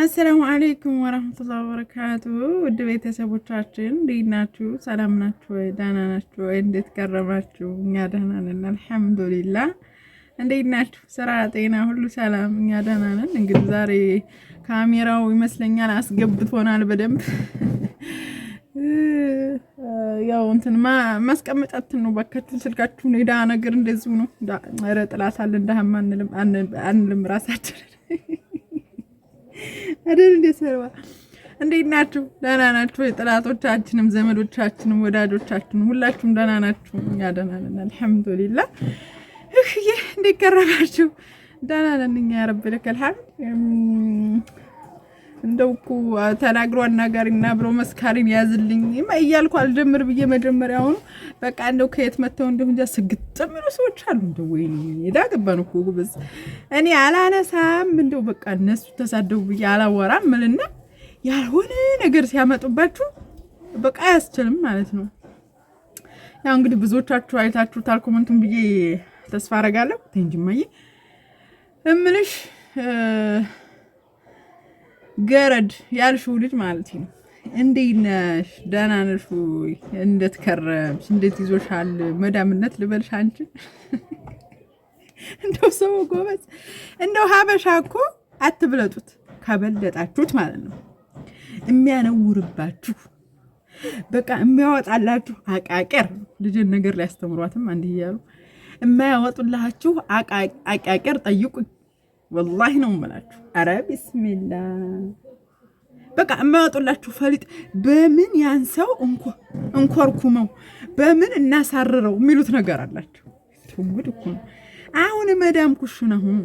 አሰላሙ አለይኩም ወረህመቱላሂ ወበረካቱ ውድ ቤተሰቦቻችን እንዴት ናችሁ? ሰላም ናችሁ ወይ? ደህና ናችሁ ወይ? እንዴት ቀረባችሁ? እኛ ደህና ነን አልሐምዱሊላህ። እንዴት ናችሁ? ስራ፣ ጤና ሁሉ ሰላም? እኛ ደህና ነን። እንግዲህ ዛሬ ካሜራው ይመስለኛል አስገብቶናል በደንብ ያው እንትን ማስቀመጣትን ነው። ባካችሁን ስልካችሁን የዳ ነገር እንደዚሁ ነው። ኧረ ጥላት አለ እንዳህማ አንልም ራሳችንን አደን እንደ ሰርባ እንዴት ናችሁ? ደህና ናችሁ? የጠላቶቻችንም ዘመዶቻችንም ወዳጆቻችንም ሁላችሁም ደህና ናችሁ? እኛ ደህና ነን፣ አልሐምዱሊላህ። ይህ እንዴት ቀረባችሁ? ደህና ነን እኛ፣ ያረብልክ አልሐምድ እንደው እኮ ተናግሮ አናጋሪና ብሎ መስካሪን ያዝልኝ እያልኩ አልጀምር ብዬ መጀመሪያ አሁኑ በቃ እንደው ከየት መጥተው እንደው እንጃ ስግጥም ብሎ ሰዎች አሉ። እንደው ወይ የዳገባን እኮ ጉብዝ እኔ አላነሳም። እንደው በቃ እነሱ ተሳደቡ ብዬ አላወራም ምልና ያልሆነ ነገር ሲያመጡባችሁ በቃ አያስችልም ማለት ነው። ያው እንግዲህ ብዙዎቻችሁ አይታችሁ ታልኮመንቱን ብዬ ተስፋ አረጋለሁ። እንጂማዬ እምልሽ ገረድ ያልሽው ልጅ ማለት ነው። እንዴት ነሽ? ደህና ነሽ ወይ? እንዴት ከረምሽ? እንዴት ይዞሻል? መዳምነት ልበልሽ አንቺ እንደው ሰው ጎበዝ፣ እንደው ሀበሻ እኮ አትብለጡት። ከበለጣችሁት ማለት ነው የሚያነውርባችሁ በቃ የሚያወጣላችሁ አቃቄር። ልጅን ነገር ሊያስተምሯትም አንድ እያሉ የማያወጡላችሁ አቃቄር ጠይቁኝ። ወላሂ ነው የምላችሁ። አረ ቢስሚላ በቃ የማያወጡላችሁ ፈሊጥ በምን ያን ሰው እንኮርኩመው በምን እናሳርረው የሚሉት ነገር አላቸው። ትውድ እኮ ነው አሁን መዳም ኩሽና ሁኑ።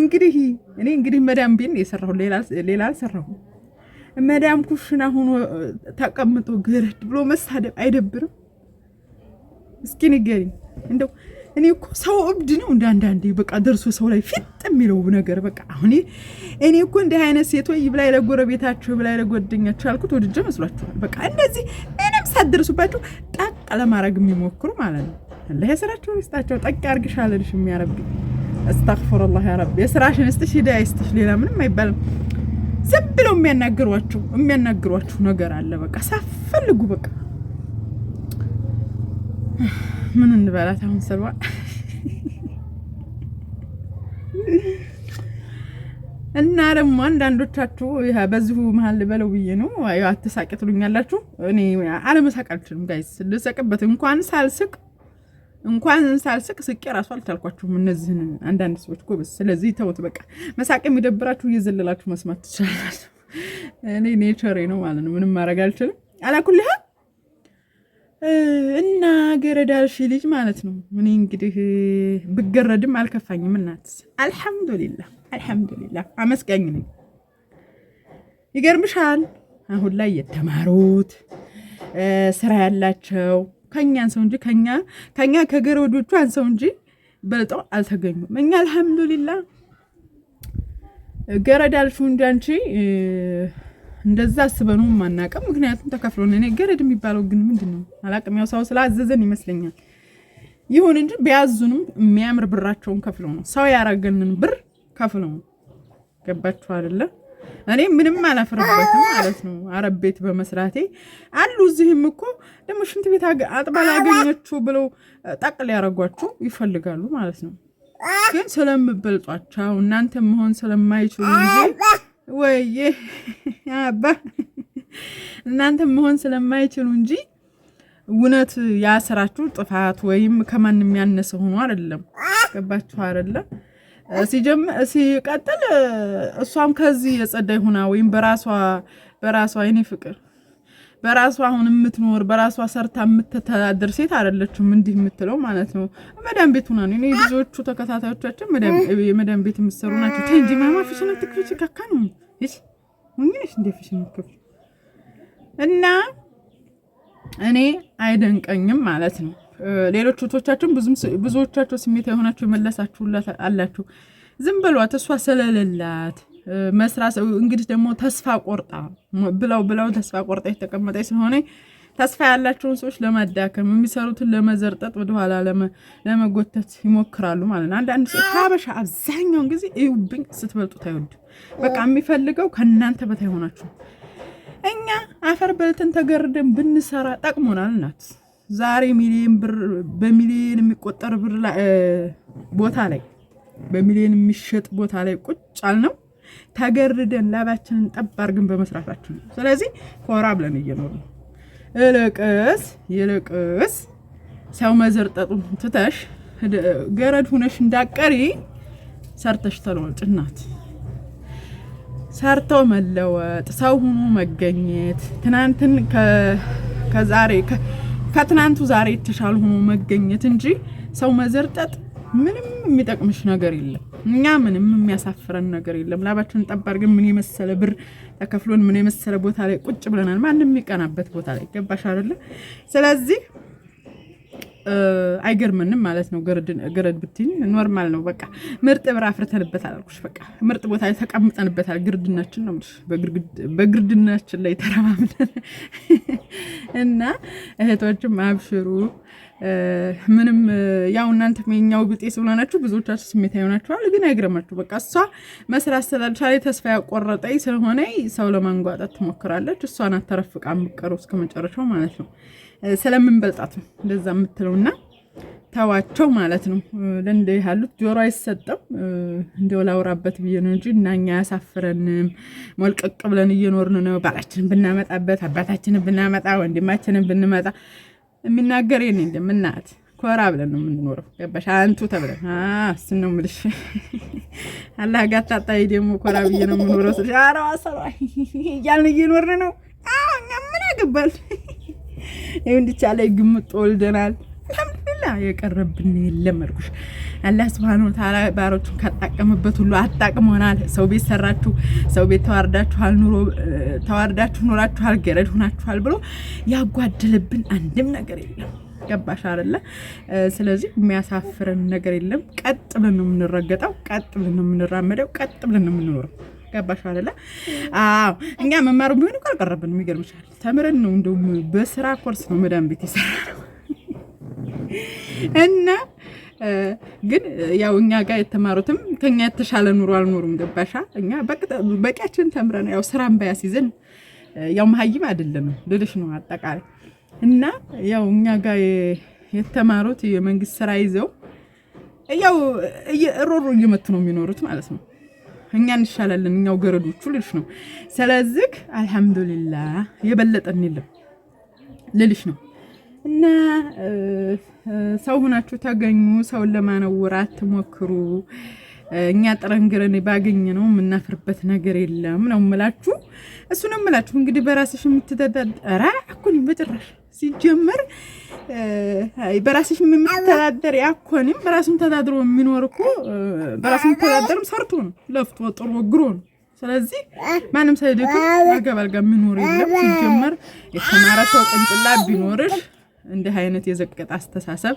እንግዲህ እኔ እንግዲህ መዳም ቤን የሰራሁ ሌላ አልሰራሁም። መዳም ኩሽና ሁኖ ተቀምጦ ገረድ ብሎ መሳደብ አይደብርም? እስኪ ንገሪኝ እንደው እኔ እኮ ሰው እብድ ነው እንደ አንዳንዴ በቃ ደርሶ ሰው ላይ ፊጥ የሚለው ነገር በቃ አሁን እኔ እኮ እንዲህ አይነት ሴቶ ይብላይ ለጎረቤታቸው ይብላይ ለጓደኛችሁ ያልኩት ወድጀ መስሏችኋል። በቃ እንደዚህ ምንም ሳትደርሱባችሁ ጠቅ ለማድረግ የሚሞክሩ ማለት ነው። አላህ የስራቸውን ይስጣቸው። ጠቅ ያርግሽ አለልሽ የሚያረብ አስተግፍሩላህ ያ ረቢ የስራሽን ይስጥሽ፣ ሂዳያ ይስጥሽ። ሌላ ምንም አይባልም። ዝም ብለው የሚያናግሯችሁ የሚያናግሯችሁ ነገር አለ። በቃ ሳፈልጉ በቃ ምን እንበላት አሁን ስርባ እና ደግሞ አንዳንዶቻችሁ በዚሁ መሀል በለው ብዬ ነው አትሳቂ ትሉኛላችሁ። እኔ አለመሳቅ አልችልም ጋይስ፣ ልሰቅበት እንኳን ሳልስቅ እንኳን ሳልስቅ ስቄ ራሱ አልቻልኳችሁም እነዚህን አንዳንድ ሰዎች ጎበዝ። ስለዚህ ተውት በቃ። መሳቅ የሚደብራችሁ እየዘለላችሁ መስማት ትችላላችሁ። እኔ ኔቸሬ ነው ማለት ነው። ምንም ማድረግ አልችልም። አላኩልህ እና ገረዳ ልጅ ማለት ነው። እኔ እንግዲህ ብገረድም አልከፋኝም። እናትስ አልሐምዱሊላ አልሐምዱሊላ አመስጋኝ ነኝ። ይገርምሻል አሁን ላይ የተማሩት ስራ ያላቸው ከኛ አንሰው እንጂ ከኛ ከኛ ከገረዶቹ አንሰው እንጂ በልጠው አልተገኙም። እኛ አልሐምዱሊላ ገረዳ ልሹ እንጂ አንቺ እንደዛ አስበነው አናውቅም። ምክንያቱም ተከፍሎ ነው። እኔ ገረድ የሚባለው ግን ምንድን ነው አላውቅም። ያው ሰው ስላዘዘን ይመስለኛል። ይሁን እንጂ ቢያዙንም የሚያምር ብራቸውን ከፍሎ ነው ሰው ያረገልንን ብር ከፍለው ነው። ገባችሁ አይደለ? እኔ ምንም አላፍርበትም ማለት ነው አረብ ቤት በመስራቴ አሉ። እዚህም እኮ ደግሞ ሽንት ቤት አጥባ ላገኘችው ብለው ጠቅ ሊያረጓችሁ ይፈልጋሉ ማለት ነው። ግን ስለምበልጧቸው እናንተ መሆን ስለማይችሉ እንጂ ወይዬ አባ እናንተ መሆን ስለማይችሉ እንጂ እውነት ያሰራችሁ ጥፋት ወይም ከማንም ያነሰ ሆኖ አይደለም። ገባችሁ አይደለም? ሲቀጥል እሷም ከዚህ የጸዳ ይሁና ወይም በራሷ በራሷ የኔ ፍቅር በራሷ አሁን የምትኖር በራሷ ሰርታ የምትተዳደር ሴት አይደለችም። እንዲህ የምትለው ማለት ነው መዳም ቤት ሆና ነው። ብዙዎቹ ተከታታዮቻችን መዳም ቤት የምትሰሩ ናቸው። ቴንጂ ማማ ፍሽነት ትክፍች ካካ ነው ሆኝነሽ እንደፍሽ የምትከፍል እና እኔ አይደንቀኝም ማለት ነው። ሌሎች እህቶቻችሁም ብዙዎቻቸው ስሜት የሆናችሁ የመለሳችሁ አላችሁ። ዝም ብሏት እሷ ስለሌላት መስራት እንግዲህ ደግሞ ተስፋ ቆርጣ ብለው ብለው ተስፋ ቆርጣ የተቀመጠች ስለሆነ ተስፋ ያላቸውን ሰዎች ለማዳከም የሚሰሩትን ለመዘርጠጥ ወደኋላ ለመጎተት ይሞክራሉ ማለት ነው። አንዳንድ ሰው ሀበሻ አብዛኛውን ጊዜ እዩብኝ ስትበልጡት አይወድም። በቃ የሚፈልገው ከእናንተ በታይ ሆናችሁ። እኛ አፈር በልተን ተገርደን ብንሰራ ጠቅሞናል። እናት ዛሬ ሚሊዮን ብር በሚሊዮን የሚቆጠር ብር ቦታ ላይ በሚሊዮን የሚሸጥ ቦታ ላይ ቁጭ አልነው ተገርደን ላባችንን ጠብ አድርገን በመስራታችን። ስለዚህ ኮራ ብለን እየኖር ነው እልቅስ ይልቅስ ሰው መዘርጠጡ ትተሽ ገረድ ሁነሽ እንዳቀሪ ሰርተሽ ተለወጭ እናት። ሰርቶ መለወጥ፣ ሰው ሁኖ መገኘት፣ ትናንትን ከዛሬ ከትናንቱ ዛሬ የተሻለ ሆኖ መገኘት እንጂ ሰው መዘርጠጥ ምንም የሚጠቅምሽ ነገር የለም። እኛ ምንም የሚያሳፍረን ነገር የለም። ላባችን ጠባር ግን ምን የመሰለ ብር ተከፍሎን ምን የመሰለ ቦታ ላይ ቁጭ ብለናል። ማንም የሚቀናበት ቦታ ላይ ገባሽ አይደለ? ስለዚህ አይገርምንም ማለት ነው። ገረድ ብትኝ ኖርማል ነው። በቃ ምርጥ ብር አፍርተንበታል አልኩሽ። በቃ ምርጥ ቦታ ላይ ተቀምጠንበታል። ግርድናችን ነው በግርድናችን ላይ ተረማምደን እና እህቶችም አብሽሩ ምንም ያው እናንተ የኛው ብጤ ስለሆናችሁ ብዙዎቻችሁ ስሜት ይሆናችኋል፣ ግን አይግረማችሁ። በቃ እሷ መስራት ስላልቻለ ተስፋ ያቆረጠኝ ስለሆነ ሰው ለማንጓጣት ትሞክራለች። እሷን አተረፍቃ ምቀሩ እስከ መጨረሻው ማለት ነው። ስለምንበልጣት ነው እንደዛ የምትለው እና ተዋቸው ማለት ነው። ለእንደ ያሉት ጆሮ አይሰጥም። እንዲያው ላውራበት ብዬ ነው እንጂ እና እኛ አያሳፍረንም። ሞልቀቅ ብለን እየኖርን ነው። ባላችንን ብናመጣበት፣ አባታችንን ብናመጣ፣ ወንድማችንን ብንመጣ የሚናገር የኔ እንደምናት ኮራ ብለን ነው የምንኖረው። ገባሽ አንቱ ተብለን ስ ነው የምልሽ። አላህ ጋር ታጣይ ደግሞ ኮራ ብዬ ነው የምኖረው ስልሽ አረዋ ሰራ እያልን እየኖርን ነው። እኛ ምን ያገባል? ይህ እንድቻ ላይ ግምጥ ወልደናል። አልሐምዱሊላ የቀረብን የለም አልኩሽ። አላህ ሱብሃነሁ ወተዓላ ባሮቹን ካጣቀመበት ሁሉ አጣቅመናል። ሰው ቤት ሰራችሁ፣ ሰው ቤት ተዋርዳችኋል፣ ኑሮ ተዋርዳችሁ ኖራችኋል፣ ገረድ ሆናችኋል ብሎ ያጓደለብን አንድም ነገር የለም። ገባሽ አይደለ? ስለዚህ የሚያሳፍረን ነገር የለም። ቀጥ ብለን ነው የምንረገጠው፣ ቀጥ ብለን ነው የምንራመደው፣ ቀጥ ብለን ነው የምንኖረው። ገባሽ አይደለ? አዎ እኛ መማሩ ቢሆን እኮ አልቀረብንም። ይገርምሻል፣ ተምረን ነው እንደውም በስራ ኮርስ ነው መዳን ቤት የሰራ ነው እና ግን ያው እኛ ጋር የተማሩትም ከኛ የተሻለ ኑሮ አልኖሩም። ገባሻ? እኛ በቂያችን ተምረን ያው ስራን ባያስይዘን ያው መሀይም አይደለም ልልሽ ነው አጠቃላይ እና ያው እኛ ጋር የተማሩት የመንግስት ስራ ይዘው ያው ሮሮ እየመቱ ነው የሚኖሩት ማለት ነው። እኛ እንሻላለን፣ እኛው ገረዶቹ ልልሽ ነው። ስለዚህ አልሐምዱሊላህ የበለጠን የለም ልልሽ ነው። እና ሰው ሆናችሁ ተገኙ። ሰውን ለማነወር አትሞክሩ። እኛ ጥረን ግረን ባገኘ ነው የምናፍርበት ነገር የለም ነው የምላችሁ። እሱ ነው የምላችሁ። እንግዲህ በራስሽ የምትተዳደር አኩኝ በጭራሽ ሲጀመር በራስሽ የምትተዳደር ያኮንም በራሱን ተዳድሮ የሚኖር እኮ በራሱን ተዳደርም ሰርቶ ነው ለፍቶ ጥሮ ግሮ ነው። ስለዚህ ማንም ሳይደግፍ አልጋ በአልጋ የሚኖር የለም ሲጀመር። የተማረ ሰው ቅንጭላ ቢኖርሽ እንዲህ አይነት የዘቀጠ አስተሳሰብ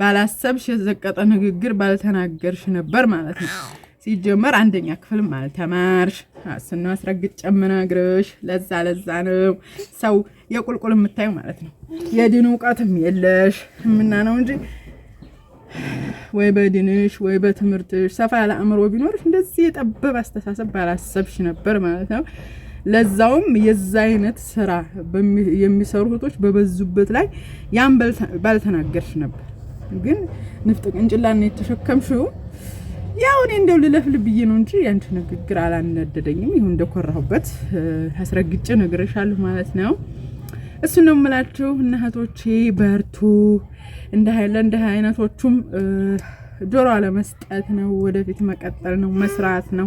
ባላሰብሽ፣ የዘቀጠ ንግግር ባልተናገርሽ ነበር ማለት ነው። ሲጀመር አንደኛ ክፍል ማለት ተማርሽ አስና አስረግጥ ጨምናግርሽ ለዛ ለዛ ነው ሰው የቁልቁል የምታዩ ማለት ነው። የድን እውቀትም የለሽ ምና ነው እንጂ ወይ በድንሽ ወይ በትምህርትሽ ሰፋ ያለ አእምሮ ቢኖርሽ እንደዚህ የጠበብ አስተሳሰብ ባላሰብሽ ነበር ማለት ነው። ለዛውም የዛ አይነት ስራ የሚሰሩ እህቶች በበዙበት ላይ ያን ባልተናገርሽ ነበር። ግን ንፍጥ ቅንጭላን የተሸከምሽው ያው እኔ እንደው ልለፍል ብዬ ነው እንጂ ያንቺ ንግግር አላናደደኝም። ይሁን እንደኮራሁበት አስረግጬ ነግሬሻለሁ ማለት ነው። እሱ ነው የምላችሁ። እና በርቱ። እንደ ሀይለ እንደ አይነቶቹም ጆሮ አለመስጠት ነው፣ ወደፊት መቀጠል ነው፣ መስራት ነው፣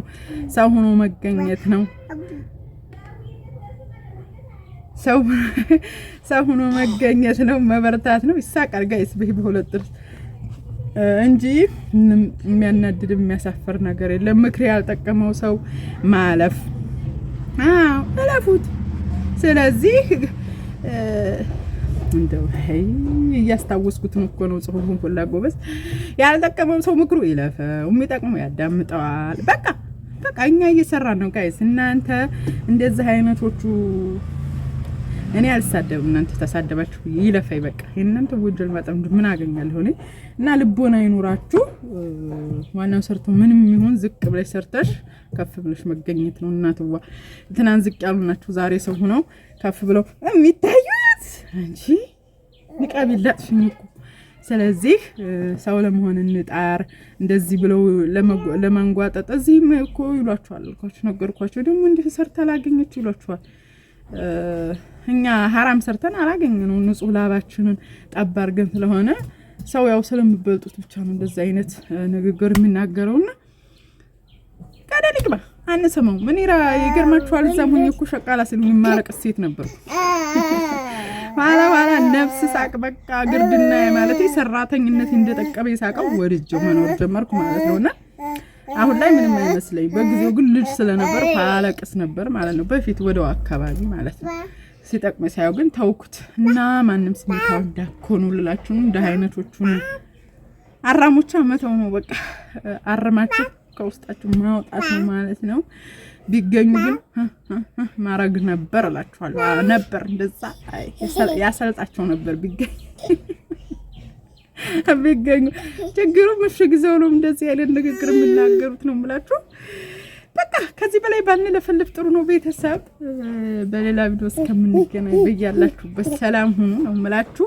ሰው ሆኖ መገኘት ነው። ሰው ሆኖ መገኘት ነው፣ መበርታት ነው። ይሳቃል ጋይስ በይ በሁለት ጥርስ እንጂ የሚያናድድ የሚያሳፍር ነገር የለም። ምክር ያልጠቀመው ሰው ማለፍ አዎ ስለዚህ እንደው እያስታወስኩትን እኮ ነው ጽሁፉን ሁላ ጎበዝ። ያልጠቀመው ሰው ምክሩ ይለፈው፣ የሚጠቅመው ያዳምጠዋል። በቃ በቃ እኛ እየሰራን ነው ጋይስ። እናንተ እንደዚህ አይነቶቹ እኔ አልሳደብም። እናንተ ተሳደባችሁ ይለፋይ ይበቃ። የእናንተ ወንጀል መጠምድ ምን አገኛለሁ እኔ እና ልቦና ይኖራችሁ። ዋናው ሰርቶ ምንም ይሁን ዝቅ ብለሽ ሰርተሽ ከፍ ብለሽ መገኘት ነው። እናትዋ ትናንት ዝቅ ያሉ ናቸው፣ ዛሬ ሰው ሆነው ከፍ ብለው የሚታዩት እንጂ ንቃቢ ላጥሽኝ እኮ ስለዚህ ሰው ለመሆን እንጣር። እንደዚህ ብለው ለመንጓጠጥ እዚህም እኮ ይሏችኋል። ነገርኳቸው ደግሞ እንዲህ ሰርታ ላገኘች ይሏችኋል። እኛ ሀራም ሰርተን አላገኘ ነው ንጹህ ላባችንን ጠብ አድርገን ስለሆነ ሰው ያው ስለምበልጡት ብቻ ነው እንደዚህ አይነት ንግግር የሚናገረውና ቀደ ልቅባ አንሰማው ምን ይራ ይገርማችኋል። እዛም ሆኜ እኮ ሸቃላ ስል የሚማረቅ ሴት ነበር። ኋላ ኋላ ነፍስ ሳቅ በቃ ግርድና ማለት ሰራተኝነት እንደጠቀመ የሳቀው ወድጀው መኖር ጀመርኩ ማለት ነውና አሁን ላይ ምንም አይመስለኝ። በጊዜው ግን ልጅ ስለነበር አለቅስ ነበር ማለት ነው። በፊት ወደው አካባቢ ማለት ነው ሲጠቅመ ሳየው ግን ተውኩት እና ማንም ስሜታው እንዳኮኑ ልላችሁን እንደ አይነቶቹን አራሞቹ አመተው ነው በቃ አርማችሁ ከውስጣችሁ ማውጣት ነው ማለት ነው። ቢገኙ ግን ማረግ ነበር እላችኋለሁ ነበር እንደዛ ያሰልጣቸው ነበር ቢገኝ የሚገኙ ችግሩ መሸ ጊዜው ነው እንደዚህ አይነት ንግግር የምናገሩት ነው የምላችሁ። በቃ ከዚህ በላይ ባንለፈልፍ ጥሩ ነው ቤተሰብ። በሌላ ቪዲዮ እስከምንገናኝ በያላችሁበት ሰላም ሁኑ ነው የምላችሁ።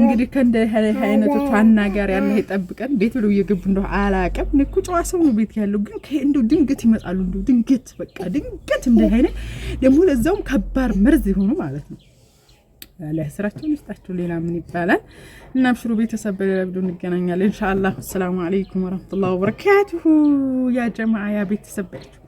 እንግዲህ ከእንደዚህ አይነቶቹ አናጋሪ ያለ ይጠብቀን። ቤት ብለው እየገቡ እንደ አላቅም እኔ እኮ ጨዋ ሰው ነው ቤት ያለው፣ ግን እንደው ድንገት ይመጣሉ። እንደው ድንገት በቃ ድንገት እንደ አይነት ደግሞ ለዛውም ከባድ መርዝ የሆኑ ማለት ነው ለስራቸውን ይስጣችሁ። ሌላ ምን ይባላል? እና አብሽሩ ቤተሰብ፣ በሌላ ቪዲዮ እንገናኛለን ኢንሻአላህ። ሰላም አለይኩም ወራህመቱላሂ ወበረካቱሁ። ያ ጀማዓ ያ ቤተሰብ